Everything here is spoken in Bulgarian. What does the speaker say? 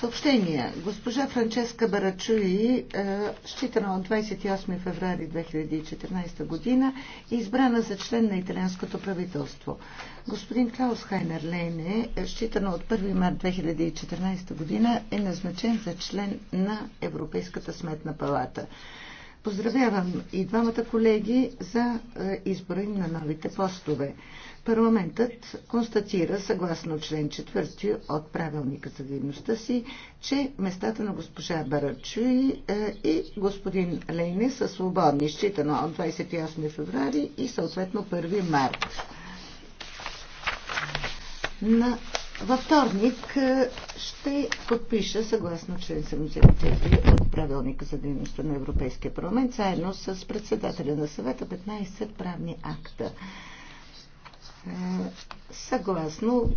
Съобщение. Госпожа Франческа Барачуи, е, считана от 28 феврари 2014 година, е избрана за член на италианското правителство. Господин Клаус Хайнер Лейне, е, считана от 1 март 2014 година, е назначен за член на Европейската сметна палата. Поздравявам и двамата колеги за е, избора им на новите постове. Парламентът констатира, съгласно член 4 от правилника за дейността си, че местата на госпожа Барачуи е, и господин Лейне са свободни, считано от 28 февруари и съответно 1 март. На във вторник е, ще подпиша, съгласно член 74 от правилника за дейността на Европейския парламент, заедно с председателя на съвета 15 правни акта. Е, съгласно